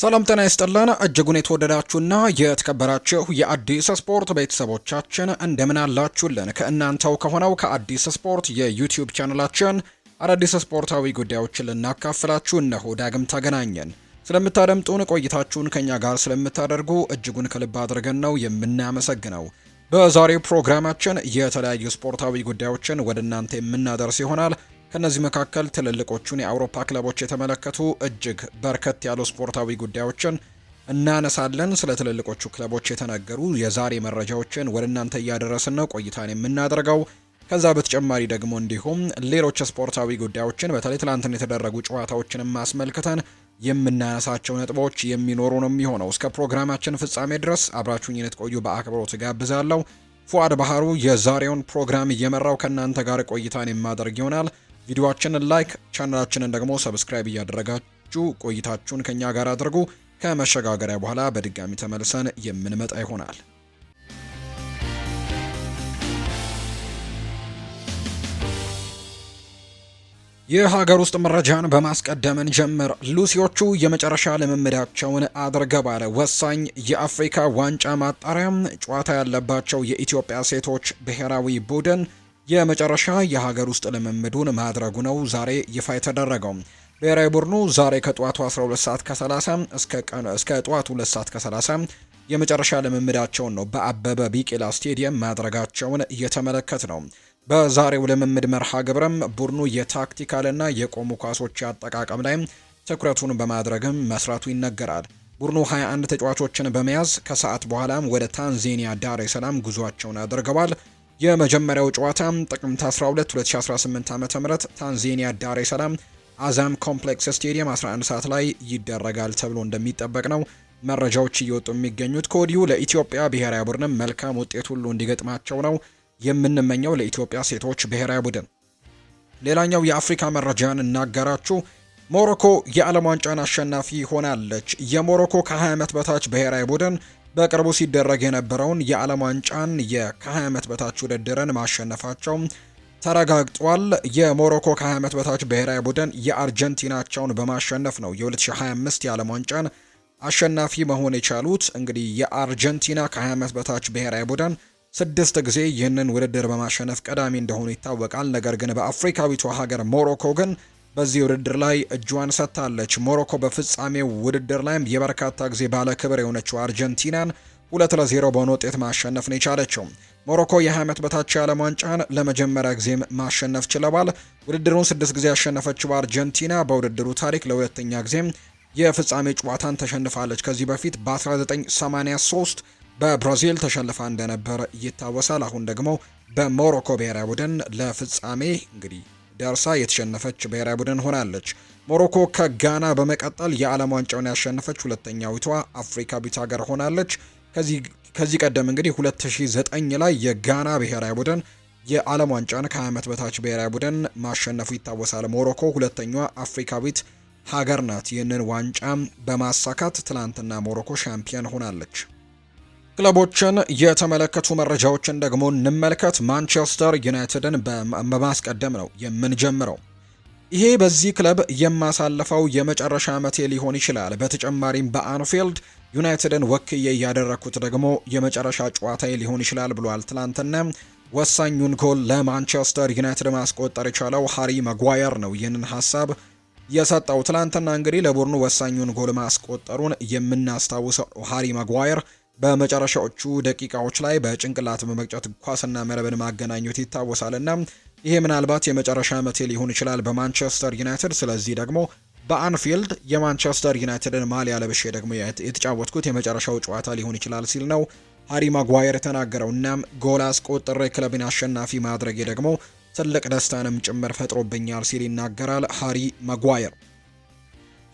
ሰላም ጤና ይስጥልን እጅጉን የተወደዳችሁና የተከበራችሁ የአዲስ ስፖርት ቤተሰቦቻችን እንደምን አላችሁልን? ከእናንተው ከሆነው ከአዲስ ስፖርት የዩቲዩብ ቻናላችን አዳዲስ ስፖርታዊ ጉዳዮችን ልናካፍላችሁ እነሆ ዳግም ተገናኘን። ስለምታደምጡን ቆይታችሁን ከእኛ ጋር ስለምታደርጉ እጅጉን ከልብ አድርገን ነው የምናመሰግነው። በዛሬው ፕሮግራማችን የተለያዩ ስፖርታዊ ጉዳዮችን ወደ እናንተ የምናደርስ ይሆናል። ከነዚህ መካከል ትልልቆቹን የአውሮፓ ክለቦች የተመለከቱ እጅግ በርከት ያሉ ስፖርታዊ ጉዳዮችን እናነሳለን። ስለ ትልልቆቹ ክለቦች የተነገሩ የዛሬ መረጃዎችን ወደ እናንተ እያደረስን ነው ቆይታን የምናደርገው። ከዛ በተጨማሪ ደግሞ እንዲሁም ሌሎች ስፖርታዊ ጉዳዮችን በተለይ ትላንትን የተደረጉ ጨዋታዎችን ማስመልክተን የምናነሳቸው ነጥቦች የሚኖሩ ነው የሚሆነው። እስከ ፕሮግራማችን ፍጻሜ ድረስ አብራችሁኝ እንድትቆዩ በአክብሮት ጋብዛለሁ። ፉአድ ባህሩ የዛሬውን ፕሮግራም እየመራው ከእናንተ ጋር ቆይታን የማደርግ ይሆናል። ቪዲዮአችንን ላይክ ቻናላችንን ደግሞ ሰብስክራይብ እያደረጋችሁ ቆይታችሁን ከኛ ጋር አድርጉ። ከመሸጋገሪያ በኋላ በድጋሚ ተመልሰን የምንመጣ ይሆናል። የሀገር ውስጥ መረጃን በማስቀደምን ጀምር ሉሲዎቹ የመጨረሻ ልምምዳቸውን አድርገዋል። ወሳኝ የአፍሪካ ዋንጫ ማጣሪያም ጨዋታ ያለባቸው የኢትዮጵያ ሴቶች ብሔራዊ ቡድን የመጨረሻ የሀገር ውስጥ ልምምዱን ማድረጉ ነው ዛሬ ይፋ የተደረገው። ብሔራዊ ቡድኑ ዛሬ ከጠዋቱ 12 ሰዓት ከ30 እስከ ጠዋቱ 2 ሰዓት ከ30 የመጨረሻ ልምምዳቸውን ነው በአበበ ቢቂላ ስቴዲየም ማድረጋቸውን እየተመለከት ነው። በዛሬው ልምምድ መርሃ ግብርም ቡድኑ የታክቲካልና የቆሙ ኳሶች አጠቃቀም ላይ ትኩረቱን በማድረግም መስራቱ ይነገራል። ቡድኑ 21 ተጫዋቾችን በመያዝ ከሰዓት በኋላም ወደ ታንዛኒያ ዳሬ ሰላም ጉዟቸውን አድርገዋል። የመጀመሪያው ጨዋታ ጥቅምት 12 2018 ዓ.ም ታንዛኒያ ዳሬ ሰላም አዛም ኮምፕሌክስ ስቴዲየም 11 ሰዓት ላይ ይደረጋል ተብሎ እንደሚጠበቅ ነው መረጃዎች እየወጡ የሚገኙት። ከወዲሁ ለኢትዮጵያ ብሔራዊ ቡድንም መልካም ውጤት ሁሉ እንዲገጥማቸው ነው የምንመኘው ለኢትዮጵያ ሴቶች ብሔራዊ ቡድን። ሌላኛው የአፍሪካ መረጃን እናገራችሁ። ሞሮኮ የዓለም ዋንጫን አሸናፊ ሆናለች። የሞሮኮ ከ20 ዓመት በታች ብሔራዊ ቡድን በቅርቡ ሲደረግ የነበረውን የዓለም ዋንጫን ከ20 ዓመት በታች ውድድርን ማሸነፋቸው ተረጋግጧል። የሞሮኮ ከ20 ዓመት በታች ብሔራዊ ቡድን የአርጀንቲናቸውን በማሸነፍ ነው የ2025 የዓለም ዋንጫን አሸናፊ መሆን የቻሉት። እንግዲህ የአርጀንቲና ከ20 ዓመት በታች ብሔራዊ ቡድን ስድስት ጊዜ ይህንን ውድድር በማሸነፍ ቀዳሚ እንደሆኑ ይታወቃል። ነገር ግን በአፍሪካዊቷ ሀገር ሞሮኮ ግን በዚህ ውድድር ላይ እጇን ሰጥታለች። ሞሮኮ በፍጻሜ ውድድር ላይም የበርካታ ጊዜ ባለ ክብር የሆነችው አርጀንቲናን ሁለት ለዜሮ በሆነ ውጤት ማሸነፍ ነው የቻለችው። ሞሮኮ የ20 ዓመት በታች የዓለም ዋንጫን ለመጀመሪያ ጊዜም ማሸነፍ ችለዋል። ውድድሩን ስድስት ጊዜ ያሸነፈችው አርጀንቲና በውድድሩ ታሪክ ለሁለተኛ ጊዜም የፍጻሜ ጨዋታን ተሸንፋለች። ከዚህ በፊት በ1983 በብራዚል ተሸንፋ እንደነበር ይታወሳል። አሁን ደግሞ በሞሮኮ ብሔራዊ ቡድን ለፍጻሜ እንግዲህ ዳርሳ የተሸነፈች ብሔራዊ ቡድን ሆናለች። ሞሮኮ ከጋና በመቀጠል የዓለም ዋንጫውን ያሸነፈች ሁለተኛዊቷ አፍሪካዊት ሀገር ሆናለች። ከዚህ ቀደም እንግዲህ 2009 ላይ የጋና ብሔራዊ ቡድን የዓለም ዋንጫን ከ20 ዓመት በታች ብሔራዊ ቡድን ማሸነፉ ይታወሳል። ሞሮኮ ሁለተኛዋ አፍሪካዊት ሀገር ናት። ይህንን ዋንጫ በማሳካት ትላንትና ሞሮኮ ሻምፒዮን ሆናለች። ክለቦችን የተመለከቱ መረጃዎችን ደግሞ እንመልከት። ማንቸስተር ዩናይትድን በማስቀደም ነው የምንጀምረው። ይሄ በዚህ ክለብ የማሳለፈው የመጨረሻ ዓመቴ ሊሆን ይችላል። በተጨማሪም በአንፊልድ ዩናይትድን ወክዬ እያደረግኩት ደግሞ የመጨረሻ ጨዋታዬ ሊሆን ይችላል ብሏል። ትላንትና ወሳኙን ጎል ለማንቸስተር ዩናይትድ ማስቆጠር የቻለው ሃሪ መጓየር ነው። ይህንን ሀሳብ የሰጠው ትላንትና እንግዲህ ለቡድኑ ወሳኙን ጎል ማስቆጠሩን የምናስታውሰው ሃሪ መጓየር በመጨረሻዎቹ ደቂቃዎች ላይ በጭንቅላት በመቅጨት ኳስና መረብን ማገናኘት ይታወሳል እና ይሄ ምናልባት የመጨረሻ ዓመቴ ሊሆን ይችላል በማንቸስተር ዩናይትድ። ስለዚህ ደግሞ በአንፊልድ የማንቸስተር ዩናይትድን ማሊያ ለብሼ ደግሞ የተጫወትኩት የመጨረሻው ጨዋታ ሊሆን ይችላል ሲል ነው ሃሪ ማጓየር የተናገረው። እናም ጎል አስቆጥሬ ክለብን አሸናፊ ማድረጌ ደግሞ ትልቅ ደስታንም ጭምር ፈጥሮብኛል ሲል ይናገራል ሃሪ ማጓየር።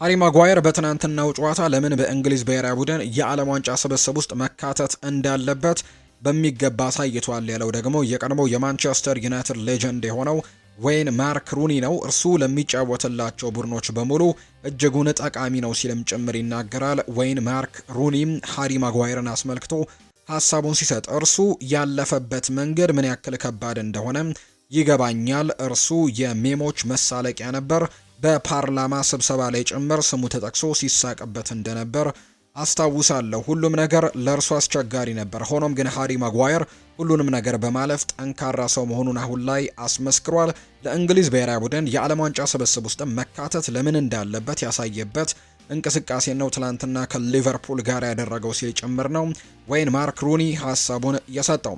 ሃሪ ማጓየር በትናንትናው ጨዋታ ለምን በእንግሊዝ ብሔራዊ ቡድን የዓለም ዋንጫ ስብስብ ውስጥ መካተት እንዳለበት በሚገባ አሳይቷል ያለው ደግሞ የቀድሞው የማንቸስተር ዩናይትድ ሌጀንድ የሆነው ወይን ማርክ ሩኒ ነው። እርሱ ለሚጫወትላቸው ቡድኖች በሙሉ እጅጉን ጠቃሚ ነው ሲልም ጭምር ይናገራል። ወይን ማርክ ሩኒም ሃሪ ማጓየርን አስመልክቶ ሀሳቡን ሲሰጥ እርሱ ያለፈበት መንገድ ምን ያክል ከባድ እንደሆነ ይገባኛል። እርሱ የሜሞች መሳለቂያ ነበር በፓርላማ ስብሰባ ላይ ጭምር ስሙ ተጠቅሶ ሲሳቅበት እንደነበር አስታውሳለሁ። ሁሉም ነገር ለእርሱ አስቸጋሪ ነበር። ሆኖም ግን ሃሪ ማጓየር ሁሉንም ነገር በማለፍ ጠንካራ ሰው መሆኑን አሁን ላይ አስመስክሯል። ለእንግሊዝ ብሔራዊ ቡድን የዓለም ዋንጫ ስብስብ ውስጥ መካተት ለምን እንዳለበት ያሳየበት እንቅስቃሴ ነው። ትላንትና ከሊቨርፑል ጋር ያደረገው ሲል ጭምር ነው ወይን ማርክ ሩኒ ሀሳቡን የሰጠው።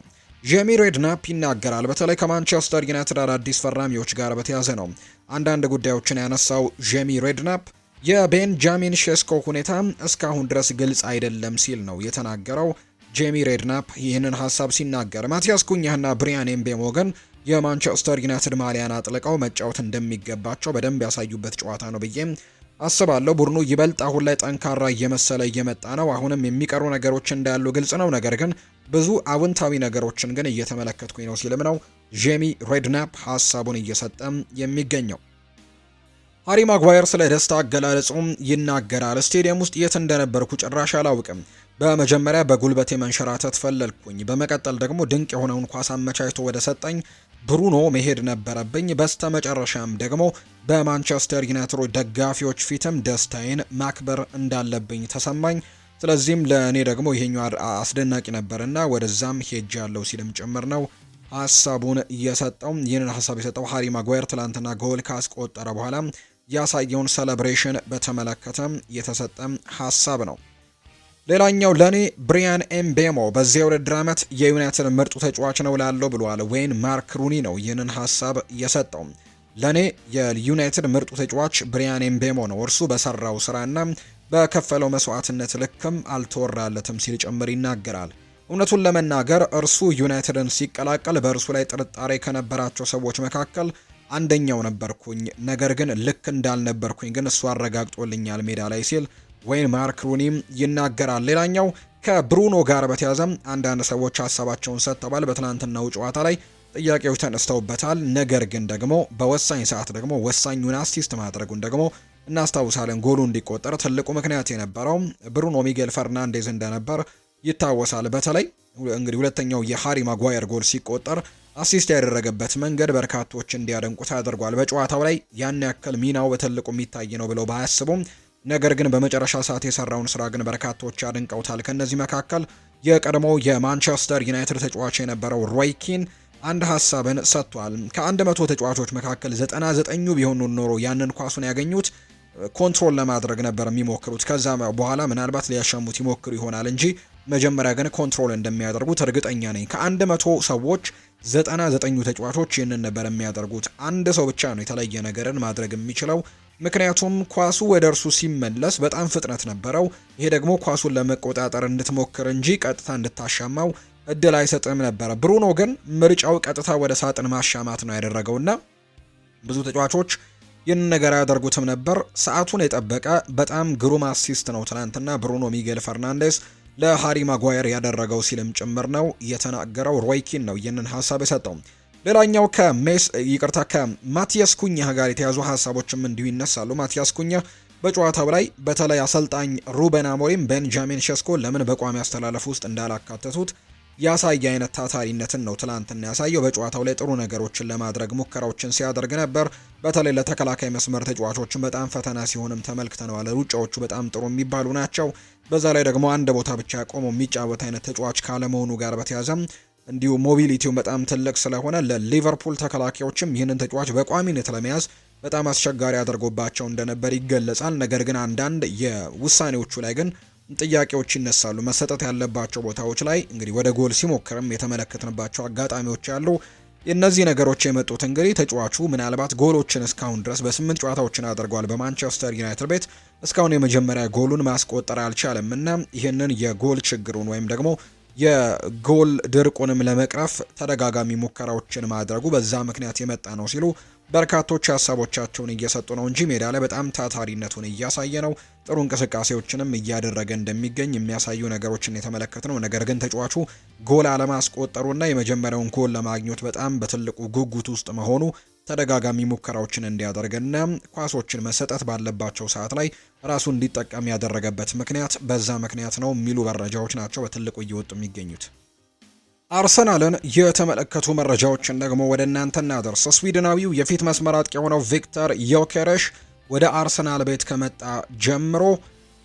ጄሚ ሬድናፕ ይናገራል። በተለይ ከማንቸስተር ዩናይትድ አዳዲስ ፈራሚዎች ጋር በተያዘ ነው አንዳንድ ጉዳዮችን ያነሳው ጄሚ ሬድናፕ የቤንጃሚን ሼስኮ ሁኔታ እስካሁን ድረስ ግልጽ አይደለም ሲል ነው የተናገረው። ጄሚ ሬድናፕ ይህንን ሀሳብ ሲናገር ማቲያስ ኩኛህና ብሪያን ኤምቤሞ ግን የማንቸስተር ዩናይትድ ማሊያን አጥልቀው መጫወት እንደሚገባቸው በደንብ ያሳዩበት ጨዋታ ነው ብዬ አስባለሁ። ቡድኑ ይበልጥ አሁን ላይ ጠንካራ እየመሰለ እየመጣ ነው። አሁንም የሚቀሩ ነገሮች እንዳሉ ግልጽ ነው። ነገር ግን ብዙ አውንታዊ ነገሮችን ግን እየተመለከትኩኝ ነው ሲልም ነው ጄሚ ሬድናፕ ሀሳቡን እየሰጠም የሚገኘው። ሃሪ ማጓየር ስለ ደስታ አገላለጹም ይናገራል። ስቴዲየም ውስጥ የት እንደነበርኩ ጭራሽ አላውቅም። በመጀመሪያ በጉልበቴ መንሸራተት ፈለልኩኝ። በመቀጠል ደግሞ ድንቅ የሆነውን ኳስ አመቻችቶ ወደ ሰጠኝ ብሩኖ መሄድ ነበረብኝ። በስተመጨረሻም ደግሞ በማንቸስተር ዩናይትድ ደጋፊዎች ፊትም ደስታዬን ማክበር እንዳለብኝ ተሰማኝ። ስለዚህም ለእኔ ደግሞ ይሄኛው አስደናቂ ነበርና ወደዛም ሄጅ ያለው ሲልም ጭምር ነው ሀሳቡን እየሰጠው። ይህንን ሀሳብ የሰጠው ሀሪ ማጓየር ትላንትና ጎል ካስቆጠረ በኋላ ያሳየውን ሴሌብሬሽን በተመለከተ የተሰጠ ሀሳብ ነው። ሌላኛው ለኔ ብሪያን ኤምቤሞ በዚያ ውድድር ዓመት የዩናይትድ ምርጡ ተጫዋች ነው ላለው ብለዋል። ወይን ማርክ ሩኒ ነው ይህንን ሀሳብ የሰጠው። ለእኔ የዩናይትድ ምርጡ ተጫዋች ብሪያን ኤምቤሞ ነው። እርሱ በሰራው ስራና በከፈለው መስዋዕትነት ልክም አልተወራለትም ሲል ጭምር ይናገራል። እውነቱን ለመናገር እርሱ ዩናይትድን ሲቀላቀል በእርሱ ላይ ጥርጣሬ ከነበራቸው ሰዎች መካከል አንደኛው ነበርኩኝ። ነገር ግን ልክ እንዳልነበርኩኝ ግን እሱ አረጋግጦልኛል ሜዳ ላይ ሲል ወይን ማርክ ሩኒም ይናገራል። ሌላኛው ከብሩኖ ጋር በተያዘ አንዳንድ ሰዎች ሀሳባቸውን ሰጥተዋል። በትናንትናው ጨዋታ ላይ ጥያቄዎች ተነስተውበታል። ነገር ግን ደግሞ በወሳኝ ሰዓት ደግሞ ወሳኙን አሲስት ማድረጉን ደግሞ እናስታውሳለን። ጎሉ እንዲቆጠር ትልቁ ምክንያት የነበረው ብሩኖ ሚጌል ፈርናንዴዝ እንደነበር ይታወሳል። በተለይ እንግዲህ ሁለተኛው የሃሪ ማጓየር ጎል ሲቆጠር አሲስት ያደረገበት መንገድ በርካቶች እንዲያደንቁት አድርጓል። በጨዋታው ላይ ያን ያክል ሚናው በትልቁ የሚታይ ነው ብለው ባያስቡም ነገር ግን በመጨረሻ ሰዓት የሰራውን ስራ ግን በርካቶች አድንቀውታል። ከእነዚህ መካከል የቀድሞ የማንቸስተር ዩናይትድ ተጫዋች የነበረው ሮይኪን አንድ ሀሳብን ሰጥቷል። ከአንድ መቶ ተጫዋቾች መካከል ዘጠና ዘጠኙ ቢሆኑ ኖሮ ያንን ኳሱን ያገኙት ኮንትሮል ለማድረግ ነበር የሚሞክሩት። ከዛ በኋላ ምናልባት ሊያሸሙት ይሞክሩ ይሆናል እንጂ መጀመሪያ ግን ኮንትሮል እንደሚያደርጉት እርግጠኛ ነኝ። ከአንድ መቶ ሰዎች ዘጠና ዘጠኙ ተጫዋቾች ይህንን ነበር የሚያደርጉት። አንድ ሰው ብቻ ነው የተለየ ነገርን ማድረግ የሚችለው ምክንያቱም ኳሱ ወደ እርሱ ሲመለስ በጣም ፍጥነት ነበረው። ይሄ ደግሞ ኳሱን ለመቆጣጠር እንድትሞክር እንጂ ቀጥታ እንድታሻማው እድል አይሰጥም ነበረ። ብሩኖ ግን ምርጫው ቀጥታ ወደ ሳጥን ማሻማት ነው ያደረገውና ብዙ ተጫዋቾች ይህን ነገር አያደርጉትም ነበር። ሰዓቱን የጠበቀ በጣም ግሩም አሲስት ነው ትናንትና ብሩኖ ሚጌል ፈርናንዴስ ለሃሪ ማጓየር ያደረገው ሲልም ጭምር ነው የተናገረው። ሮይኪን ነው ይህንን ሀሳብ የሰጠው። ሌላኛው ከሜስ ይቅርታ ከማቲያስ ኩኛ ጋር የተያዙ ሀሳቦችም እንዲሁ ይነሳሉ። ማቲያስ ኩኛ በጨዋታው ላይ በተለይ አሰልጣኝ ሩበን አሞሪም ቤንጃሚን ሸስኮ ለምን በቋሚ አስተላለፍ ውስጥ እንዳላካተቱት ያሳየ አይነት ታታሪነትን ነው ትላንትና ያሳየው። በጨዋታው ላይ ጥሩ ነገሮችን ለማድረግ ሙከራዎችን ሲያደርግ ነበር። በተለይ ለተከላካይ መስመር ተጫዋቾችን በጣም ፈተና ሲሆንም ተመልክተነዋል። ሩጫዎቹ በጣም ጥሩ የሚባሉ ናቸው። በዛ ላይ ደግሞ አንድ ቦታ ብቻ ቆሞ የሚጫወት አይነት ተጫዋች ካለመሆኑ ጋር በተያዘም እንዲሁ ሞቢሊቲው በጣም ትልቅ ስለሆነ ለሊቨርፑል ተከላካዮችም ይህንን ተጫዋች በቋሚነት ለመያዝ በጣም አስቸጋሪ አድርጎባቸው እንደነበር ይገለጻል። ነገር ግን አንዳንድ የውሳኔዎቹ ላይ ግን ጥያቄዎች ይነሳሉ። መሰጠት ያለባቸው ቦታዎች ላይ እንግዲህ ወደ ጎል ሲሞክርም የተመለከትንባቸው አጋጣሚዎች አሉ። እነዚህ ነገሮች የመጡት እንግዲህ ተጫዋቹ ምናልባት ጎሎችን እስካሁን ድረስ በስምንት ጨዋታዎችን አድርጓል። በማንቸስተር ዩናይትድ ቤት እስካሁን የመጀመሪያ ጎሉን ማስቆጠር አልቻለም እና ይህንን የጎል ችግሩን ወይም ደግሞ የጎል ድርቁንም ለመቅረፍ ተደጋጋሚ ሙከራዎችን ማድረጉ በዛ ምክንያት የመጣ ነው ሲሉ በርካቶች ሀሳቦቻቸውን እየሰጡ ነው እንጂ ሜዳ ላይ በጣም ታታሪነቱን እያሳየ ነው፣ ጥሩ እንቅስቃሴዎችንም እያደረገ እንደሚገኝ የሚያሳዩ ነገሮችን የተመለከት ነው። ነገር ግን ተጫዋቹ ጎል አለማስቆጠሩና የመጀመሪያውን ጎል ለማግኘት በጣም በትልቁ ጉጉት ውስጥ መሆኑ ተደጋጋሚ ሙከራዎችን እንዲያደርግና ኳሶችን መሰጠት ባለባቸው ሰዓት ላይ ራሱ እንዲጠቀም ያደረገበት ምክንያት በዛ ምክንያት ነው የሚሉ መረጃዎች ናቸው በትልቁ እየወጡ የሚገኙት። አርሰናልን የተመለከቱ መረጃዎችን ደግሞ ወደ እናንተ እናደርስ። ስዊድናዊው የፊት መስመር አጥቂ የሆነው ቪክተር ዮኬረሽ ወደ አርሰናል ቤት ከመጣ ጀምሮ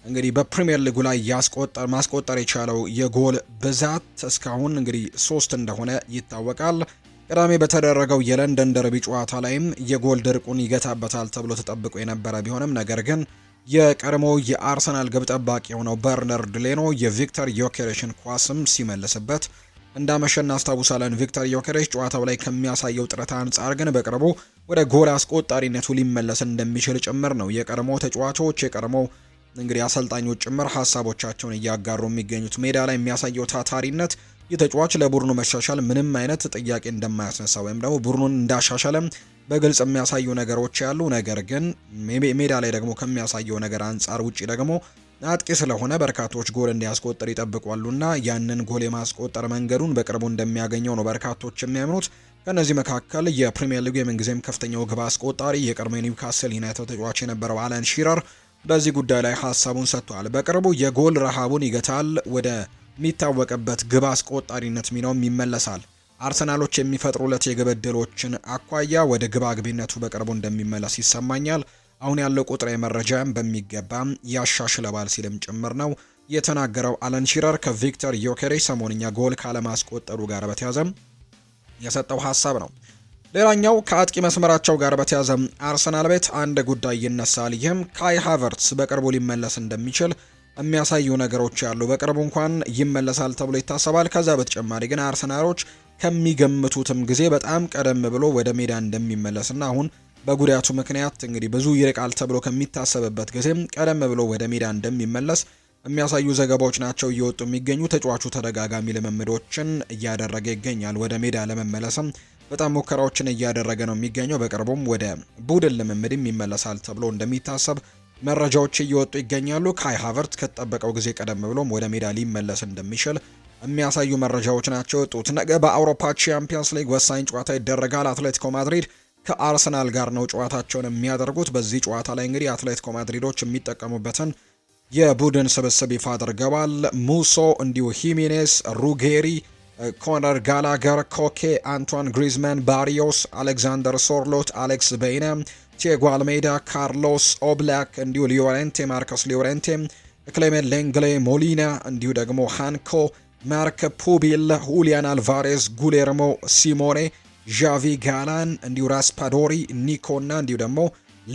እንግዲህ በፕሪምየር ሊጉ ላይ ያስቆጠር ማስቆጠር የቻለው የጎል ብዛት እስካሁን እንግዲህ ሶስት እንደሆነ ይታወቃል። ቅዳሜ በተደረገው የለንደን ደርቢ ጨዋታ ላይም የጎል ድርቁን ይገታበታል ተብሎ ተጠብቆ የነበረ ቢሆንም ነገር ግን የቀድሞ የአርሰናል ግብ ጠባቂ የሆነው በርነርድ ሌኖ የቪክተር ዮኬሬሽን ኳስም ሲመልስበት እንዳመሸ እናስታውሳለን። ቪክተር ዮኬሬሽ ጨዋታው ላይ ከሚያሳየው ጥረት አንጻር ግን በቅርቡ ወደ ጎል አስቆጣሪነቱ ሊመለስ እንደሚችል ጭምር ነው የቀድሞ ተጫዋቾች የቀድሞ እንግዲህ አሰልጣኞች ጭምር ሀሳቦቻቸውን እያጋሩ የሚገኙት ሜዳ ላይ የሚያሳየው ታታሪነት ይህ ተጫዋች ለቡድኑ መሻሻል ምንም አይነት ጥያቄ እንደማያስነሳ ወይም ደግሞ ቡድኑን እንዳሻሻለም በግልጽ የሚያሳዩ ነገሮች ያሉ፣ ነገር ግን ሜዳ ላይ ደግሞ ከሚያሳየው ነገር አንጻር ውጪ ደግሞ አጥቂ ስለሆነ በርካቶች ጎል እንዲያስቆጥር ይጠብቋሉና ያንን ጎል የማስቆጠር መንገዱን በቅርቡ እንደሚያገኘው ነው በርካቶች የሚያምኑት። ከእነዚህ መካከል የፕሪምየር ሊግ የምንጊዜም ከፍተኛው ግብ አስቆጣሪ የቀድሞ ኒውካስል ዩናይትድ ተጫዋች የነበረው አለን ሺረር በዚህ ጉዳይ ላይ ሀሳቡን ሰጥቷል። በቅርቡ የጎል ረሃቡን ይገታል ወደ የሚታወቅበት ግብ አስቆጣሪነት ሚናውም ይመለሳል። አርሰናሎች የሚፈጥሩለት የግብ ዕድሎችን አኳያ ወደ ግብ አግቢነቱ በቅርቡ እንደሚመለስ ይሰማኛል። አሁን ያለው ቁጥር መረጃም በሚገባ ያሻሽለባል ሲልም ጭምር ነው የተናገረው። አለን ሺረር ከቪክተር ዮኬሬሽ ሰሞንኛ ጎል ካለማስቆጠሩ ጋር በተያዘም የሰጠው ሀሳብ ነው። ሌላኛው ከአጥቂ መስመራቸው ጋር በተያዘ አርሰናል ቤት አንድ ጉዳይ ይነሳል። ይህም ካይ ሃቨርትስ በቅርቡ ሊመለስ እንደሚችል የሚያሳዩ ነገሮች አሉ። በቅርቡ እንኳን ይመለሳል ተብሎ ይታሰባል። ከዛ በተጨማሪ ግን አርሰናሎች ከሚገምቱትም ጊዜ በጣም ቀደም ብሎ ወደ ሜዳ እንደሚመለስና አሁን በጉዳቱ ምክንያት እንግዲህ ብዙ ይርቃል ተብሎ ከሚታሰብበት ጊዜም ቀደም ብሎ ወደ ሜዳ እንደሚመለስ የሚያሳዩ ዘገባዎች ናቸው እየወጡ የሚገኙ። ተጫዋቹ ተደጋጋሚ ልምምዶችን እያደረገ ይገኛል። ወደ ሜዳ ለመመለስም በጣም ሙከራዎችን እያደረገ ነው የሚገኘው። በቅርቡም ወደ ቡድን ልምምድም ይመለሳል ተብሎ እንደሚታሰብ መረጃዎች እየወጡ ይገኛሉ። ካይ ሃቨርት ከተጠበቀው ጊዜ ቀደም ብሎም ወደ ሜዳ ሊመለስ እንደሚችል የሚያሳዩ መረጃዎች ናቸው የወጡት። ነገ በአውሮፓ ቻምፒየንስ ሊግ ወሳኝ ጨዋታ ይደረጋል። አትሌቲኮ ማድሪድ ከአርሰናል ጋር ነው ጨዋታቸውን የሚያደርጉት። በዚህ ጨዋታ ላይ እንግዲህ አትሌቲኮ ማድሪዶች የሚጠቀሙበትን የቡድን ስብስብ ይፋ አድርገዋል። ሙሶ፣ እንዲሁ ሂሜኔስ፣ ሩጌሪ፣ ኮነር ጋላገር፣ ኮኬ፣ አንቷን ግሪዝማን፣ ባሪዮስ፣ አሌክዛንደር ሶርሎት፣ አሌክስ በይነ ቲያጎ አልሜዳ፣ ካርሎስ ኦብላክ እንዲሁ ሊዮሬንቴ ማርከስ ሊዮሬንቴ፣ ክሌሜን ሌንግሌ ሞሊና እንዲሁ ደግሞ ሃንኮ፣ ማርክ ፑቢል፣ ሁሊያን አልቫሬዝ፣ ጉሌርሞ ሲሞኔ፣ ዣቪ ጋላን እንዲሁ ራስፓዶሪ፣ ኒኮና እንዲሁ ደግሞ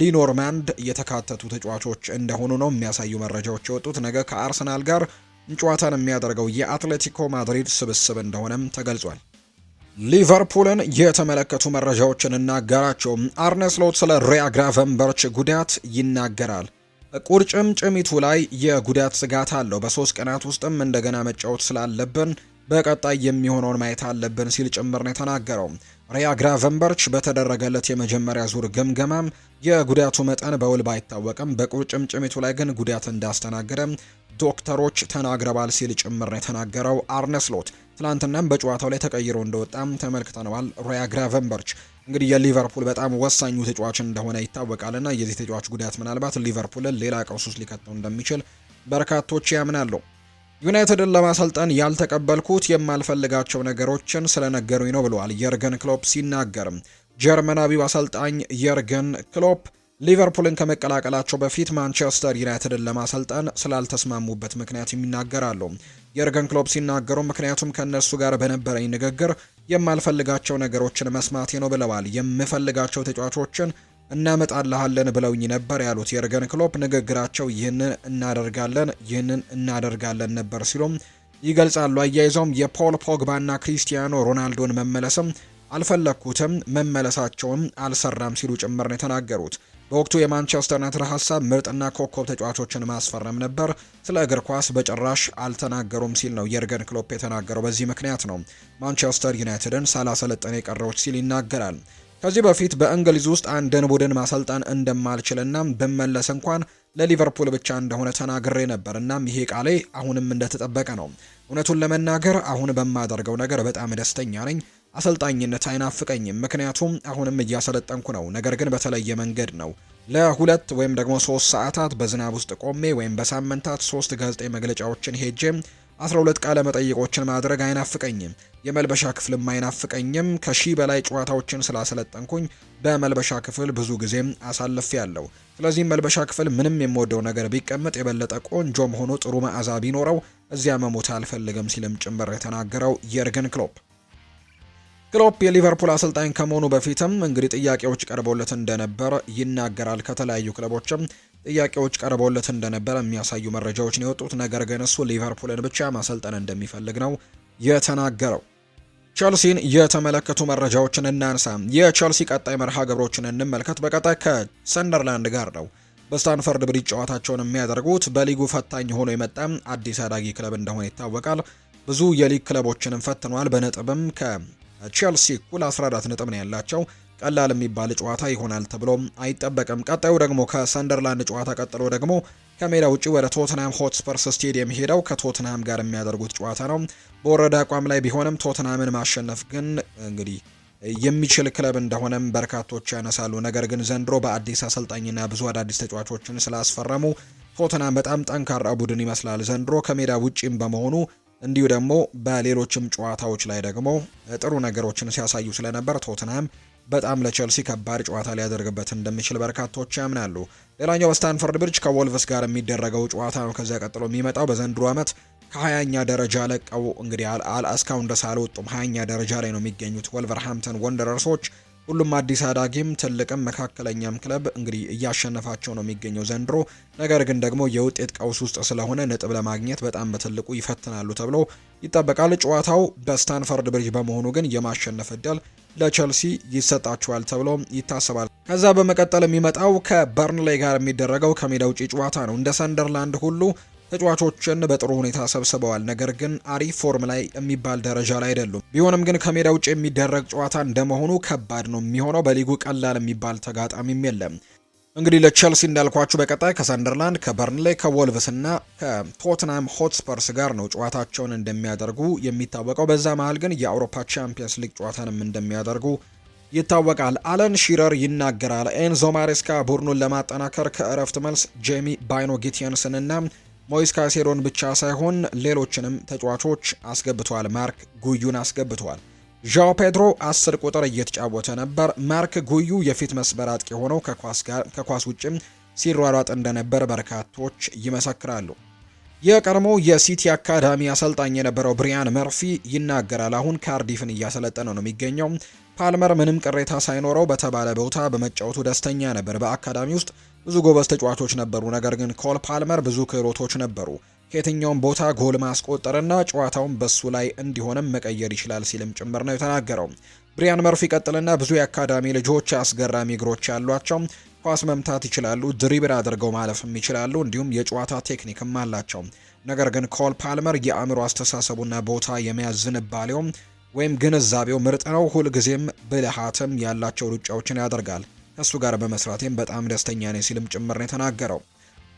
ሊኖርማንድ የተካተቱ ተጫዋቾች እንደሆኑ ነው የሚያሳዩ መረጃዎች የወጡት። ነገ ከአርሰናል ጋር ጨዋታን የሚያደርገው የአትሌቲኮ ማድሪድ ስብስብ እንደሆነም ተገልጿል። ሊቨርፑልን የተመለከቱ መረጃዎችን እናገራቸው። አርነ ስሎት ስለ ሪያ ግራቨንበርች ጉዳት ይናገራል። ቁርጭምጭሚቱ ላይ የጉዳት ስጋት አለው። በሶስት ቀናት ውስጥም እንደገና መጫወት ስላለብን በቀጣይ የሚሆነውን ማየት አለብን ሲል ጭምር ነው የተናገረው። ሪያ ግራቨንበርች በተደረገለት የመጀመሪያ ዙር ግምገማም የጉዳቱ መጠን በውል ባይታወቅም በቁርጭምጭሚቱ ላይ ግን ጉዳት እንዳስተናገደ ዶክተሮች ተናግረዋል ሲል ጭምር ነው የተናገረው አርነስሎት። ትላንትናም በጨዋታው ላይ ተቀይሮ እንደወጣም ተመልክተነዋል። ሮያ ግራቨንበርች እንግዲህ የሊቨርፑል በጣም ወሳኙ ተጫዋች እንደሆነ ይታወቃል ይታወቃልና የዚህ ተጫዋች ጉዳት ምናልባት ሊቨርፑልን ሌላ ቀውስ ውስጥ ሊከተው እንደሚችል በርካቶች ያምናሉ። ዩናይትድን ለማሰልጠን ያልተቀበልኩት የማልፈልጋቸው ነገሮችን ስለነገሩኝ ነው ብለዋል የርገን ክሎፕ ሲናገርም ጀርመናዊው አሰልጣኝ የርገን ክሎፕ ሊቨርፑልን ከመቀላቀላቸው በፊት ማንቸስተር ዩናይትድን ለማሰልጠን ስላልተስማሙበት ምክንያት ይናገራሉ። የርገን ክሎፕ ሲናገሩ ምክንያቱም ከእነርሱ ጋር በነበረኝ ንግግር የማልፈልጋቸው ነገሮችን መስማቴ ነው ብለዋል። የምፈልጋቸው ተጫዋቾችን እናመጣልሃለን ብለውኝ ነበር ያሉት የርገን ክሎፕ ንግግራቸው ይህንን እናደርጋለን ይህንን እናደርጋለን ነበር ሲሉም ይገልጻሉ። አያይዘውም የፖል ፖግባና ክሪስቲያኖ ሮናልዶን መመለስም አልፈለግኩትም መመለሳቸውም አልሰራም ሲሉ ጭምር ነው የተናገሩት። በወቅቱ የማንቸስተር ዩናይትድ ሀሳብ ምርጥና ኮከብ ተጫዋቾችን ማስፈረም ነበር፣ ስለ እግር ኳስ በጭራሽ አልተናገሩም ሲል ነው የርገን ክሎፕ የተናገረው። በዚህ ምክንያት ነው ማንቸስተር ዩናይትድን ሳላሰለጠነ የቀረዎች ሲል ይናገራል። ከዚህ በፊት በእንግሊዝ ውስጥ አንድን ቡድን ማሰልጠን እንደማልችልና ብመለስ እንኳን ለሊቨርፑል ብቻ እንደሆነ ተናግሬ ነበር። እናም ይሄ ቃሌ አሁንም እንደተጠበቀ ነው። እውነቱን ለመናገር አሁን በማደርገው ነገር በጣም ደስተኛ ነኝ። አሰልጣኝነት አይናፍቀኝም፣ ምክንያቱም አሁንም እያሰለጠንኩ ነው። ነገር ግን በተለየ መንገድ ነው። ለሁለት ወይም ደግሞ ሶስት ሰዓታት በዝናብ ውስጥ ቆሜ ወይም በሳምንታት ሶስት ጋዜጣዊ መግለጫዎችን ሄጄ 12 ቃለ መጠይቆችን ማድረግ አይናፍቀኝም። የመልበሻ ክፍልም አይናፍቀኝም። ከሺህ በላይ ጨዋታዎችን ስላሰለጠንኩኝ በመልበሻ ክፍል ብዙ ጊዜ አሳልፍ ያለው። ስለዚህም መልበሻ ክፍል ምንም የምወደው ነገር ቢቀመጥ የበለጠ ቆንጆም ሆኖ ጥሩ መዓዛ ቢኖረው እዚያ መሞት አልፈልግም ሲልም ጭምር የተናገረው የርገን ክሎፕ ክሎፕ የሊቨርፑል አሰልጣኝ ከመሆኑ በፊትም እንግዲህ ጥያቄዎች ቀርቦለት እንደነበር ይናገራል። ከተለያዩ ክለቦችም ጥያቄዎች ቀርቦለት እንደነበር የሚያሳዩ መረጃዎች ነው የወጡት። ነገር ግን እሱ ሊቨርፑልን ብቻ ማሰልጠን እንደሚፈልግ ነው የተናገረው። ቸልሲን የተመለከቱ መረጃዎችን እናንሳ። የቸልሲ ቀጣይ መርሃ ግብሮችን እንመልከት። በቀጣይ ከሰንደርላንድ ጋር ነው በስታንፈርድ ብሪጅ ጨዋታቸውን የሚያደርጉት። በሊጉ ፈታኝ ሆኖ የመጣ አዲስ አዳጊ ክለብ እንደሆነ ይታወቃል። ብዙ የሊግ ክለቦችንም ፈትኗል። በነጥብም ቼልሲ እኩል 14 ነጥብ ነው ያላቸው። ቀላል የሚባል ጨዋታ ይሆናል ተብሎ አይጠበቅም። ቀጣዩ ደግሞ ከሰንደርላንድ ጨዋታ ቀጥሎ ደግሞ ከሜዳ ውጪ ወደ ቶትንሃም ሆትስፐርስ ስቴዲየም ሄደው ከቶትንሃም ጋር የሚያደርጉት ጨዋታ ነው። በወረዳ አቋም ላይ ቢሆንም ቶትንሃምን ማሸነፍ ግን እንግዲህ የሚችል ክለብ እንደሆነም በርካቶች ያነሳሉ። ነገር ግን ዘንድሮ በአዲስ አሰልጣኝና ብዙ አዳዲስ ተጫዋቾችን ስላስፈረሙ ቶትንሃም በጣም ጠንካራ ቡድን ይመስላል ዘንድሮ ከሜዳ ውጪም በመሆኑ እንዲሁ ደግሞ በሌሎችም ጨዋታዎች ላይ ደግሞ ጥሩ ነገሮችን ሲያሳዩ ስለነበር ቶትንሃም በጣም ለቸልሲ ከባድ ጨዋታ ሊያደርግበት እንደሚችል በርካቶች ያምናሉ። ሌላኛው በስታንፈርድ ብርጅ ከወልቭስ ጋር የሚደረገው ጨዋታ ነው። ከዚያ ቀጥሎ የሚመጣው በዘንድሮ ዓመት ከሀያኛ ደረጃ ለቀው እንግዲህ እስካሁን ድረስ አልወጡም። ሀያኛ ደረጃ ላይ ነው የሚገኙት ወልቨርሃምተን ወንደረርሶች ሁሉም አዲስ አዳጊም ትልቅም መካከለኛም ክለብ እንግዲህ እያሸነፋቸው ነው የሚገኘው ዘንድሮ። ነገር ግን ደግሞ የውጤት ቀውስ ውስጥ ስለሆነ ነጥብ ለማግኘት በጣም በትልቁ ይፈትናሉ ተብሎ ይጠበቃል። ጨዋታው በስታንፈርድ ብሪጅ በመሆኑ ግን የማሸነፍ እድል ለቸልሲ ይሰጣቸዋል ተብሎ ይታሰባል። ከዛ በመቀጠል የሚመጣው ከበርንሌይ ጋር የሚደረገው ከሜዳ ውጪ ጨዋታ ነው። እንደ ሰንደርላንድ ሁሉ ተጫዋቾችን በጥሩ ሁኔታ ሰብስበዋል። ነገር ግን አሪፍ ፎርም ላይ የሚባል ደረጃ ላይ አይደሉም። ቢሆንም ግን ከሜዳ ውጭ የሚደረግ ጨዋታ እንደመሆኑ ከባድ ነው የሚሆነው። በሊጉ ቀላል የሚባል ተጋጣሚም የለም። እንግዲህ ለቼልሲ እንዳልኳችሁ በቀጣይ ከሰንደርላንድ፣ ከበርንሌ፣ ከወልቭስ እና ከቶትናም ሆትስፐርስ ጋር ነው ጨዋታቸውን እንደሚያደርጉ የሚታወቀው። በዛ መሀል ግን የአውሮፓ ቻምፒየንስ ሊግ ጨዋታንም እንደሚያደርጉ ይታወቃል። አለን ሺረር ይናገራል። ኤንዞ ማሬስካ ቡድኑን ለማጠናከር ከእረፍት መልስ ጄሚ ባይኖ እና ሞይስ ካሴሮን ብቻ ሳይሆን ሌሎችንም ተጫዋቾች አስገብቷል። ማርክ ጉዩን አስገብቷል። ዣው ፔድሮ አስር ቁጥር እየተጫወተ ነበር። ማርክ ጉዩ የፊት መስመር አጥቂ ሆነው ከኳስ ውጭም ሲሯሯጥ እንደነበር በርካቶች ይመሰክራሉ። የቀድሞ የሲቲ አካዳሚ አሰልጣኝ የነበረው ብሪያን መርፊ ይናገራል። አሁን ካርዲፍን እያሰለጠነ ነው የሚገኘው። ፓልመር ምንም ቅሬታ ሳይኖረው በተባለ ቦታ በመጫወቱ ደስተኛ ነበር። በአካዳሚ ውስጥ ብዙ ጎበዝ ተጫዋቾች ነበሩ። ነገር ግን ኮል ፓልመር ብዙ ክህሎቶች ነበሩ። ከየትኛውም ቦታ ጎል ማስቆጠርና ጨዋታውን በሱ ላይ እንዲሆንም መቀየር ይችላል ሲልም ጭምር ነው የተናገረው። ብሪያን መርፊ ቀጥልና ብዙ የአካዳሚ ልጆች አስገራሚ እግሮች ያሏቸው፣ ኳስ መምታት ይችላሉ፣ ድሪብል አድርገው ማለፍም ይችላሉ፣ እንዲሁም የጨዋታ ቴክኒክም አላቸው። ነገር ግን ኮል ፓልመር የአእምሮ አስተሳሰቡና ቦታ የመያዝ ዝንባሌውም ወይም ግንዛቤው ምርጥ ነው። ሁልጊዜም ብልሃትም ያላቸው ሩጫዎችን ያደርጋል። እሱ ጋር በመስራቴም በጣም ደስተኛ ነኝ ሲልም ጭምር ነው የተናገረው።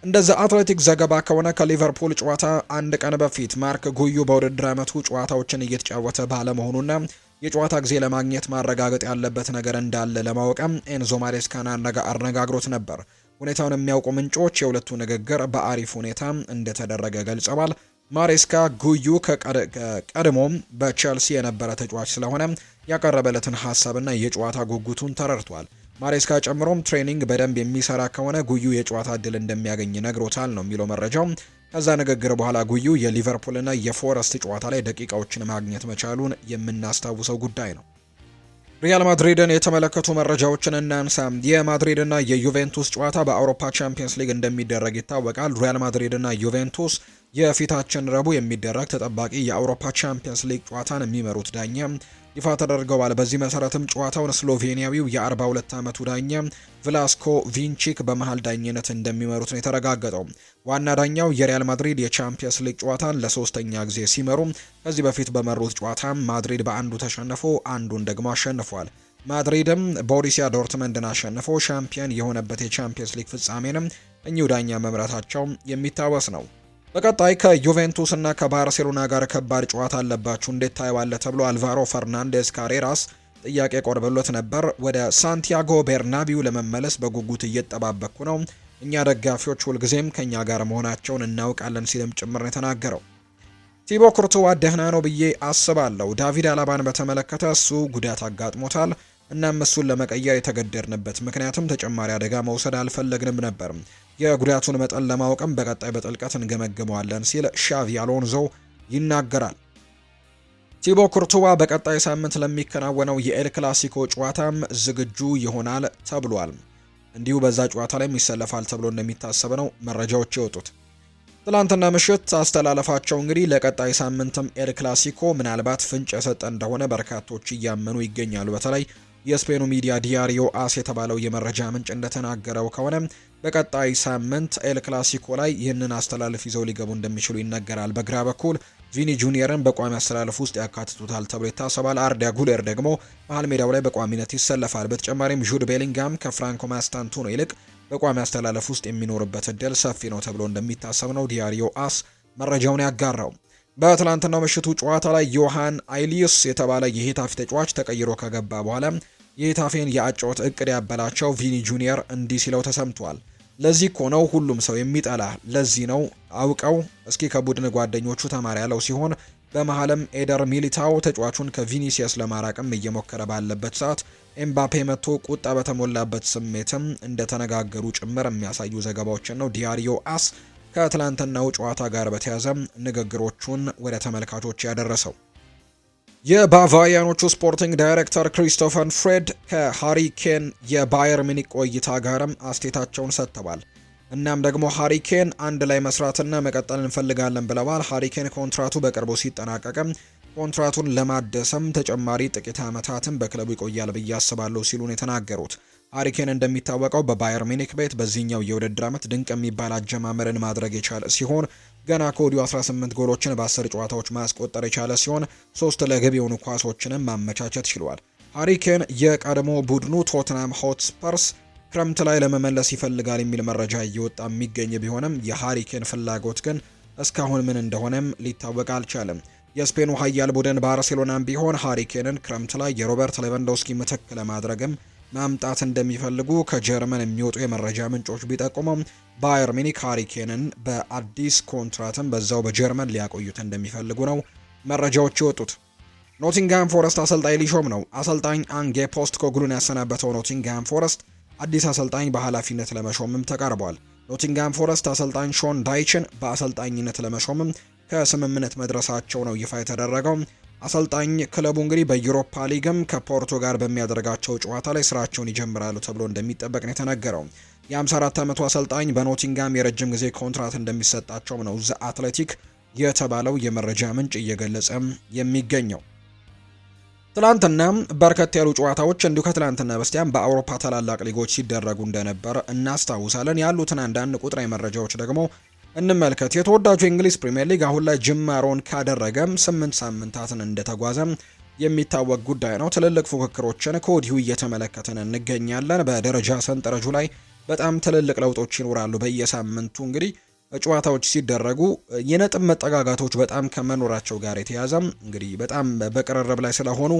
እንደዛ አትሌቲክ ዘገባ ከሆነ ከሊቨርፑል ጨዋታ አንድ ቀን በፊት ማርክ ጉዩ በውድድር ዓመቱ ጨዋታዎችን እየተጫወተ ባለመሆኑና የጨዋታ ጊዜ ለማግኘት ማረጋገጥ ያለበት ነገር እንዳለ ለማወቅም ኤንዞ ማሬስካን አነጋግሮት ነበር። ሁኔታውን የሚያውቁ ምንጮች የሁለቱ ንግግር በአሪፍ ሁኔታ እንደተደረገ ገልጸዋል። ማሬስካ ጉዩ ከቀድሞም በቼልሲ የነበረ ተጫዋች ስለሆነ ያቀረበለትን ሀሳብና የጨዋታ ጉጉቱን ተረድቷል። ማሬስካ ጨምሮም ትሬኒንግ በደንብ የሚሰራ ከሆነ ጉዩ የጨዋታ እድል እንደሚያገኝ ነግሮታል ነው የሚለው መረጃው። ከዛ ንግግር በኋላ ጉዩ የሊቨርፑልና የፎረስት ጨዋታ ላይ ደቂቃዎችን ማግኘት መቻሉን የምናስታውሰው ጉዳይ ነው። ሪያል ማድሪድን የተመለከቱ መረጃዎችን እናንሳ። የማድሪድና የዩቬንቱስ ጨዋታ በአውሮፓ ቻምፒየንስ ሊግ እንደሚደረግ ይታወቃል። ሪያል ማድሪድና ዩቬንቱስ የፊታችን ረቡ የሚደረግ ተጠባቂ የአውሮፓ ቻምፒየንስ ሊግ ጨዋታን የሚመሩት ዳኛ ይፋ ተደርገዋል። በዚህ መሰረትም ጨዋታውን ስሎቬኒያዊው የ42 ዓመቱ ዳኛ ቭላስኮ ቪንቺክ በመሃል ዳኝነት እንደሚመሩት ነው የተረጋገጠው። ዋና ዳኛው የሪያል ማድሪድ የቻምፒየንስ ሊግ ጨዋታን ለሶስተኛ ጊዜ ሲመሩ ከዚህ በፊት በመሩት ጨዋታ ማድሪድ በአንዱ ተሸንፎ አንዱን ደግሞ አሸንፏል። ማድሪድም ቦሪሲያ ዶርትመንድን አሸንፎ ሻምፒየን የሆነበት የቻምፒየንስ ሊግ ፍጻሜንም እኚሁ ዳኛ መምራታቸው የሚታወስ ነው። በቀጣይ ከዩቬንቱስ እና ከባርሴሎና ጋር ከባድ ጨዋታ አለባችሁ እንዴት ታየዋለህ ተብሎ አልቫሮ ፈርናንዴስ ካሬራስ ጥያቄ ቆርበሎት ነበር። ወደ ሳንቲያጎ ቤርናቢው ለመመለስ በጉጉት እየጠባበቅኩ ነው። እኛ ደጋፊዎች ሁልጊዜም ከእኛ ጋር መሆናቸውን እናውቃለን ሲልም ጭምር ነው የተናገረው። ቲቦ ኩርቱዋ ደህና ነው ብዬ አስባለሁ። ዳቪድ አላባን በተመለከተ እሱ ጉዳት አጋጥሞታል። እናም እሱን ለመቀየር የተገደድንበት ምክንያቱም ተጨማሪ አደጋ መውሰድ አልፈለግንም ነበር። የጉዳቱን መጠን ለማወቅም በቀጣይ በጥልቀት እንገመግመዋለን ሲል ሻቪ አሎንዞ ይናገራል። ቲቦ ኩርቱዋ በቀጣይ ሳምንት ለሚከናወነው የኤል ክላሲኮ ጨዋታም ዝግጁ ይሆናል ተብሏል። እንዲሁ በዛ ጨዋታ ላይ ይሰለፋል ተብሎ እንደሚታሰብ ነው መረጃዎች የወጡት። ትላንትና ምሽት አስተላለፋቸው እንግዲህ ለቀጣይ ሳምንትም ኤል ክላሲኮ ምናልባት ፍንጭ የሰጠ እንደሆነ በርካቶች እያመኑ ይገኛሉ። በተለይ የስፔኑ ሚዲያ ዲያሪዮ አስ የተባለው የመረጃ ምንጭ እንደተናገረው ከሆነ በቀጣይ ሳምንት ኤል ክላሲኮ ላይ ይህንን አስተላልፍ ይዘው ሊገቡ እንደሚችሉ ይነገራል። በግራ በኩል ቪኒ ጁኒየርን በቋሚ አስተላልፍ ውስጥ ያካትቱታል ተብሎ ይታሰባል። አርዳ ጉለር ደግሞ መሀል ሜዳው ላይ በቋሚነት ይሰለፋል። በተጨማሪም ጁድ ቤሊንጋም ከፍራንኮ ማስታንቱኖ ይልቅ በቋሚ አስተላለፍ ውስጥ የሚኖርበት እድል ሰፊ ነው ተብሎ እንደሚታሰብ ነው ዲያሪዮ አስ መረጃውን ያጋራው። በትላንትናው ምሽቱ ጨዋታ ላይ ዮሃን አይሊዩስ የተባለ የሄታፊ ተጫዋች ተቀይሮ ከገባ በኋላ የሂታፌን የአጨዋወት እቅድ ያበላቸው ቪኒ ጁኒየር እንዲህ ሲለው ተሰምቷል። ለዚህ እኮ ነው ሁሉም ሰው የሚጠላ። ለዚህ ነው አውቀው እስኪ ከቡድን ጓደኞቹ ተማሪ ያለው ሲሆን በመሀልም ኤደር ሚሊታው ተጫዋቹን ከቪኒሲየስ ለማራቅም እየሞከረ ባለበት ሰዓት ኤምባፔ መጥቶ ቁጣ በተሞላበት ስሜትም እንደተነጋገሩ ጭምር የሚያሳዩ ዘገባዎችን ነው ዲያሪዮ አስ ከትላንትናው ጨዋታ ጋር በተያዘ ንግግሮቹን ወደ ተመልካቾች ያደረሰው የባቫሪያኖቹ ስፖርቲንግ ዳይሬክተር ክሪስቶፈን ፍሬድ ከሃሪ ኬን የባየር ሚኒክ ቆይታ ጋርም አስቴታቸውን ሰጥተዋል። እናም ደግሞ ሃሪ ኬን አንድ ላይ መስራትና መቀጠል እንፈልጋለን ብለዋል። ሃሪ ኬን ኮንትራቱ በቅርቡ ሲጠናቀቅም ኮንትራቱን ለማደሰም ተጨማሪ ጥቂት ዓመታትም በክለቡ ይቆያል ብዬ አስባለሁ ሲሉ የተናገሩት። አሪኬን እንደሚታወቀው በባየር ሚኒክ ቤት በዚህኛው የውድድር ዓመት ድንቅ የሚባል አጀማመርን ማድረግ የቻለ ሲሆን ገና ከወዲሁ 18 ጎሎችን በ10 ጨዋታዎች ማስቆጠር የቻለ ሲሆን ሶስት ለግብ የሆኑ ኳሶችንም ማመቻቸት ችሏል። ሃሪኬን የቀድሞ ቡድኑ ቶትናም ሆትስፐርስ ክረምት ላይ ለመመለስ ይፈልጋል የሚል መረጃ እየወጣ የሚገኝ ቢሆንም የሃሪኬን ፍላጎት ግን እስካሁን ምን እንደሆነም ሊታወቅ አልቻለም። የስፔኑ ኃያል ቡድን ባርሴሎናም ቢሆን ሃሪኬንን ክረምት ላይ የሮበርት ሌቫንዶስኪ ምትክ ለማድረግም ማምጣት እንደሚፈልጉ ከጀርመን የሚወጡ የመረጃ ምንጮች ቢጠቁሙም ባየር ሚኒክ ሃሪኬንን በአዲስ ኮንትራትም በዛው በጀርመን ሊያቆዩት እንደሚፈልጉ ነው መረጃዎች የወጡት። ኖቲንግሃም ፎረስት አሰልጣኝ ሊሾም ነው። አሰልጣኝ አንጌ ፖስት ኮግሉን ያሰናበተው ኖቲንግሃም ፎረስት አዲስ አሰልጣኝ በኃላፊነት ለመሾምም ተቃርቧል። ኖቲንግሃም ፎረስት አሰልጣኝ ሾን ዳይችን በአሰልጣኝነት ለመሾምም ከስምምነት መድረሳቸው ነው ይፋ የተደረገው። አሰልጣኝ ክለቡ እንግዲህ በዩሮፓ ሊግም ከፖርቶ ጋር በሚያደርጋቸው ጨዋታ ላይ ስራቸውን ይጀምራሉ ተብሎ እንደሚጠበቅ ነው የተነገረው። የ54 ዓመቱ አሰልጣኝ በኖቲንጋም የረጅም ጊዜ ኮንትራት እንደሚሰጣቸውም ነው ዘ አትሌቲክ የተባለው የመረጃ ምንጭ እየገለጸ የሚገኘው። ትላንትና በርከት ያሉ ጨዋታዎች እንዲሁ ከትላንትና በስቲያም በአውሮፓ ታላላቅ ሊጎች ሲደረጉ እንደነበር እናስታውሳለን። ያሉትን አንዳንድ ቁጥራዊ መረጃዎች ደግሞ እንመልከት። የተወዳጁ የእንግሊዝ ፕሪምየር ሊግ አሁን ላይ ጅማሮን ካደረገም ስምንት ሳምንታትን እንደተጓዘም የሚታወቅ ጉዳይ ነው። ትልልቅ ፉክክሮችን ከወዲሁ እየተመለከትን እንገኛለን። በደረጃ ሰንጠረጁ ላይ በጣም ትልልቅ ለውጦች ይኖራሉ። በየሳምንቱ እንግዲህ ጨዋታዎች ሲደረጉ የነጥብ መጠጋጋቶች በጣም ከመኖራቸው ጋር የተያዘ እንግዲህ በጣም በቅርርብ ላይ ስለሆኑ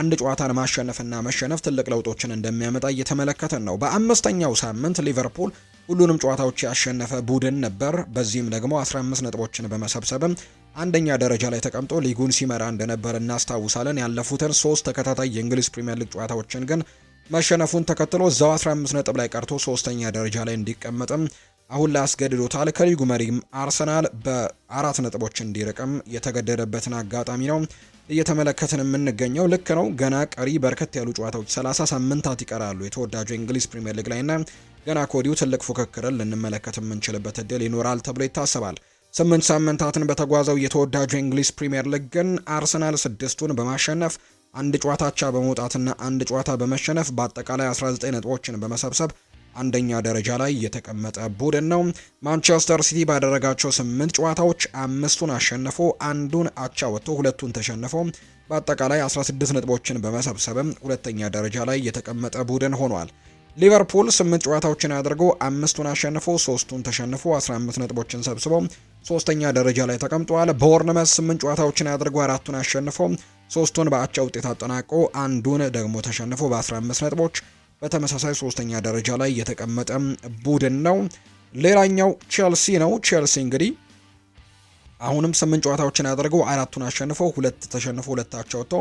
አንድ ጨዋታን ማሸነፍና መሸነፍ ትልቅ ለውጦችን እንደሚያመጣ እየተመለከትን ነው። በአምስተኛው ሳምንት ሊቨርፑል ሁሉንም ጨዋታዎች ያሸነፈ ቡድን ነበር። በዚህም ደግሞ 15 ነጥቦችን በመሰብሰብም አንደኛ ደረጃ ላይ ተቀምጦ ሊጉን ሲመራ እንደነበር እናስታውሳለን። ያለፉትን ሶስት ተከታታይ የእንግሊዝ ፕሪምየር ሊግ ጨዋታዎችን ግን መሸነፉን ተከትሎ እዛው 15 ነጥብ ላይ ቀርቶ ሶስተኛ ደረጃ ላይ እንዲቀመጥም አሁን ላይ አስገድዶታል። ከሊጉ መሪም አርሰናል በአራት ነጥቦች እንዲርቅም የተገደደበትን አጋጣሚ ነው እየተመለከትን የምንገኘው ልክ ነው። ገና ቀሪ በርከት ያሉ ጨዋታዎች ሰላሳ ሳምንታት ይቀራሉ የተወዳጁ የእንግሊዝ ፕሪምየር ሊግ ላይና ገና ከወዲሁ ትልቅ ፉክክርን ልንመለከት የምንችልበት እድል ይኖራል ተብሎ ይታሰባል። ስምንት ሳምንታትን በተጓዘው የተወዳጁ የእንግሊዝ ፕሪምየር ሊግ ግን አርሰናል ስድስቱን በማሸነፍ አንድ ጨዋታቻ በመውጣትና አንድ ጨዋታ በመሸነፍ በአጠቃላይ 19 ነጥቦችን በመሰብሰብ አንደኛ ደረጃ ላይ የተቀመጠ ቡድን ነው። ማንቸስተር ሲቲ ባደረጋቸው ስምንት ጨዋታዎች አምስቱን አሸንፎ አንዱን አቻ ወጥቶ ሁለቱን ተሸንፎ በአጠቃላይ 16 ነጥቦችን በመሰብሰብም ሁለተኛ ደረጃ ላይ የተቀመጠ ቡድን ሆኗል። ሊቨርፑል ስምንት ጨዋታዎችን አድርጎ አምስቱን አሸንፎ ሶስቱን ተሸንፎ 15 ነጥቦችን ሰብስቦ ሶስተኛ ደረጃ ላይ ተቀምጧል። ቦርንመስ ስምንት ጨዋታዎችን አድርጎ አራቱን አሸንፎ ሶስቱን በአቻ ውጤት አጠናቆ አንዱን ደግሞ ተሸንፎ በ15 ነጥቦች በተመሳሳይ ሶስተኛ ደረጃ ላይ የተቀመጠ ቡድን ነው። ሌላኛው ቼልሲ ነው። ቼልሲ እንግዲህ አሁንም ስምንት ጨዋታዎችን ያደርገው አራቱን አሸንፎ ሁለት ተሸንፎ ሁለታቸው ወጥቶ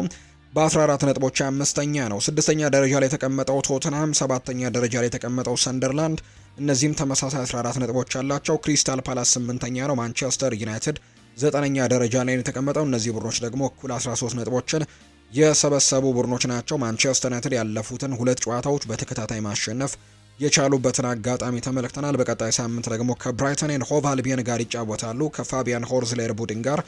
በ14 ነጥቦች አምስተኛ ነው። ስድስተኛ ደረጃ ላይ የተቀመጠው ቶትንሃም፣ ሰባተኛ ደረጃ ላይ የተቀመጠው ሰንደርላንድ፣ እነዚህም ተመሳሳይ 14 ነጥቦች አላቸው። ክሪስታል ፓላስ ስምንተኛ ነው። ማንቸስተር ዩናይትድ ዘጠነኛ ደረጃ ላይ የተቀመጠው እነዚህ ብሮች ደግሞ እኩል 13 ነጥቦችን የሰበሰቡ ቡድኖች ናቸው። ማንቸስተር ዩናይትድ ያለፉትን ሁለት ጨዋታዎች በተከታታይ ማሸነፍ የቻሉበትን አጋጣሚ ተመልክተናል። በቀጣይ ሳምንት ደግሞ ከብራይተን ኤንድ ሆቭ አልቢየን ጋር ይጫወታሉ። ከፋቢያን ሆርዝሌር ቡድን ጋር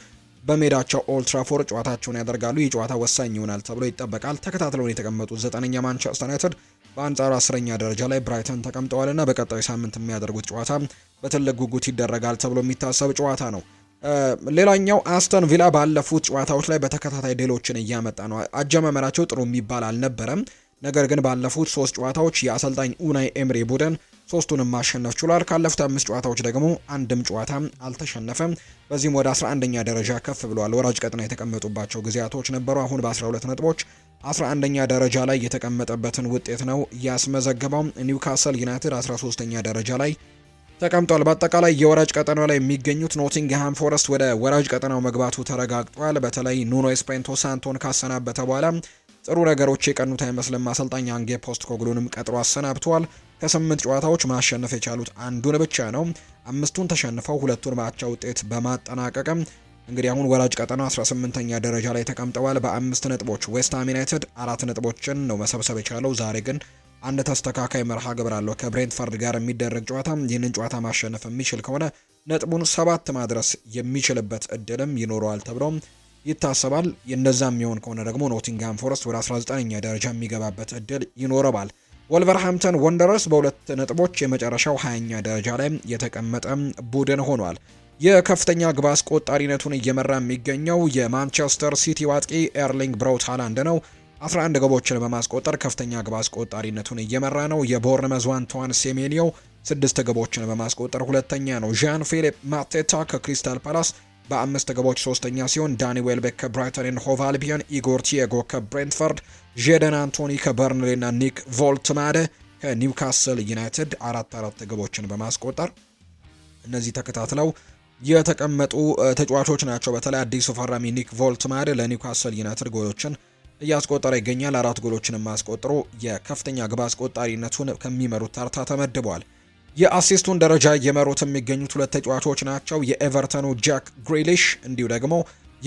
በሜዳቸው ኦልትራፎር ጨዋታቸውን ያደርጋሉ። ይህ ጨዋታ ወሳኝ ይሆናል ተብሎ ይጠበቃል። ተከታትለውን የተቀመጡት ዘጠነኛ ማንቸስተር ዩናይትድ በአንጻሩ አስረኛ ደረጃ ላይ ብራይተን ተቀምጠዋልና በቀጣዩ ሳምንት የሚያደርጉት ጨዋታ በትልቅ ጉጉት ይደረጋል ተብሎ የሚታሰብ ጨዋታ ነው። ሌላኛው አስተን ቪላ ባለፉት ጨዋታዎች ላይ በተከታታይ ድሎችን እያመጣ ነው። አጀማመራቸው ጥሩ የሚባል አልነበረም። ነገር ግን ባለፉት ሶስት ጨዋታዎች የአሰልጣኝ ኡናይ ኤምሪ ቡድን ሶስቱንም ማሸነፍ ችሏል። ካለፉት አምስት ጨዋታዎች ደግሞ አንድም ጨዋታ አልተሸነፈም። በዚህም ወደ 11ኛ ደረጃ ከፍ ብሏል። ወራጅ ቀጥና የተቀመጡባቸው ጊዜያቶች ነበሩ። አሁን በ12 ነጥቦች 11ኛ ደረጃ ላይ የተቀመጠበትን ውጤት ነው ያስመዘገበው። ኒውካስል ዩናይትድ 13ኛ ደረጃ ላይ ተቀምጧል። በአጠቃላይ የወራጅ ቀጠናው ላይ የሚገኙት ኖቲንግሃም ፎረስት ወደ ወራጅ ቀጠናው መግባቱ ተረጋግጧል። በተለይ ኑኖ ኤስፔንቶ ሳንቶን ካሰናበተ በኋላ ጥሩ ነገሮች የቀኑት አይመስልም። አሰልጣኝ አንጌ ፖስት ኮግሉንም ቀጥሮ አሰናብተዋል። ከስምንት ጨዋታዎች ማሸነፍ የቻሉት አንዱን ብቻ ነው። አምስቱን ተሸንፈው ሁለቱን በአቻ ውጤት በማጠናቀቅም እንግዲህ አሁን ወራጅ ቀጠና 18ኛ ደረጃ ላይ ተቀምጠዋል በአምስት ነጥቦች። ዌስትሃም ዩናይትድ አራት ነጥቦችን ነው መሰብሰብ የቻለው። ዛሬ ግን አንድ ተስተካካይ መርሃ ግብር አለው ከብሬንትፈርድ ጋር የሚደረግ ጨዋታ። ይህንን ጨዋታ ማሸነፍ የሚችል ከሆነ ነጥቡን ሰባት ማድረስ የሚችልበት እድልም ይኖረዋል ተብሎም ይታሰባል። እንደዛ የሚሆን ከሆነ ደግሞ ኖቲንግሃም ፎረስት ወደ 19ኛ ደረጃ የሚገባበት እድል ይኖረዋል። ወልቨርሃምተን ወንደረስ በሁለት ነጥቦች የመጨረሻው 20ኛ ደረጃ ላይ የተቀመጠ ቡድን ሆኗል። የከፍተኛ ግብ አስቆጣሪነቱን እየመራ የሚገኘው የማንቸስተር ሲቲ ዋጥቂ ኤርሊንግ ብራውት ሃላንድ ነው። 11 ግቦችን በማስቆጠር ከፍተኛ ግብ አስቆጣሪነቱን እየመራ ነው። የቦርነመዝ አንቷን ሴሜንዮ ስድስት ግቦችን በማስቆጠር ሁለተኛ ነው። ዣን ፊሊፕ ማቴታ ከክሪስታል ፓላስ በአምስት ግቦች ሶስተኛ ሲሆን ዳኒ ዌልቤክ ከብራይተንን ሆቫልቢየን ኢጎር ቲየጎ ከብሬንትፈርድ፣ ጄደን አንቶኒ ከበርንሌ ና ኒክ ቮልትማደ ከኒውካስል ዩናይትድ አራት አራት ግቦችን በማስቆጠር እነዚህ ተከታትለው የተቀመጡ ተጫዋቾች ናቸው። በተለይ አዲሱ ፈራሚ ኒክ ቮልትማደ ለኒውካስል ዩናይትድ ጎሎችን እያስቆጠረ ይገኛል። አራት ጎሎችንም አስቆጥሮ የከፍተኛ ግብ አስቆጣሪነቱን ከሚመሩት ተርታ ተመድቧል። የአሲስቱን ደረጃ እየመሩት የሚገኙት ሁለት ተጫዋቾች ናቸው። የኤቨርተኑ ጃክ ግሪሊሽ እንዲሁ ደግሞ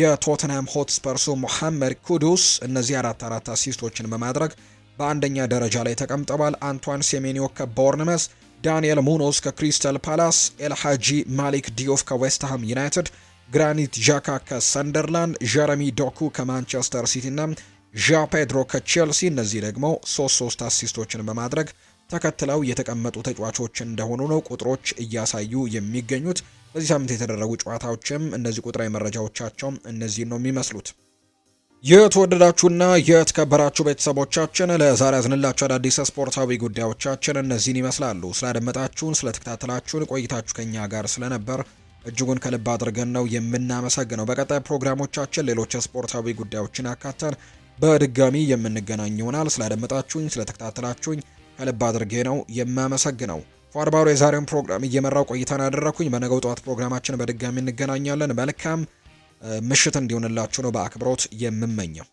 የቶተንሃም ሆትስፐርሱ ሙሐመድ ኩዱስ እነዚህ አራት አራት አሲስቶችን በማድረግ በአንደኛ ደረጃ ላይ ተቀምጠዋል። አንቷን ሴሜኒዮ ከቦርንመስ፣ ዳንኤል ሙኖስ ከክሪስተል ፓላስ፣ ኤልሃጂ ማሊክ ዲዮፍ ከዌስትሃም ዩናይትድ፣ ግራኒት ዣካ ከሰንደርላንድ፣ ጀረሚ ዶኩ ከማንቸስተር ሲቲ ና ዣ ፔድሮ ከቼልሲ እነዚህ ደግሞ ሶስት ሶስት አሲስቶችን በማድረግ ተከትለው የተቀመጡ ተጫዋቾች እንደሆኑ ነው ቁጥሮች እያሳዩ የሚገኙት። በዚህ ሳምንት የተደረጉ ጨዋታዎችም እነዚህ ቁጥራዊ መረጃዎቻቸውም እነዚህ ነው የሚመስሉት። የተወደዳችሁና የተከበራችሁ ቤተሰቦቻችን ለዛሬ ያዝንላችሁ አዳዲስ ስፖርታዊ ጉዳዮቻችን እነዚህን ይመስላሉ። ስላደመጣችሁን፣ ስለተከታተላችሁን ቆይታችሁ ከኛ ጋር ስለነበር እጅጉን ከልብ አድርገን ነው የምናመሰግነው። በቀጣይ ፕሮግራሞቻችን ሌሎች ስፖርታዊ ጉዳዮችን አካተን በድጋሚ የምንገናኝ ይሆናል። ስላደመጣችሁኝ፣ ስለተከታተላችሁኝ ከልብ አድርጌ ነው የማመሰግነው። ፏርባሮ የዛሬውን ፕሮግራም እየመራው ቆይታን ያደረኩኝ። በነገው ጠዋት ፕሮግራማችን በድጋሚ እንገናኛለን። መልካም ምሽት እንዲሆንላችሁ ነው በአክብሮት የምመኘው።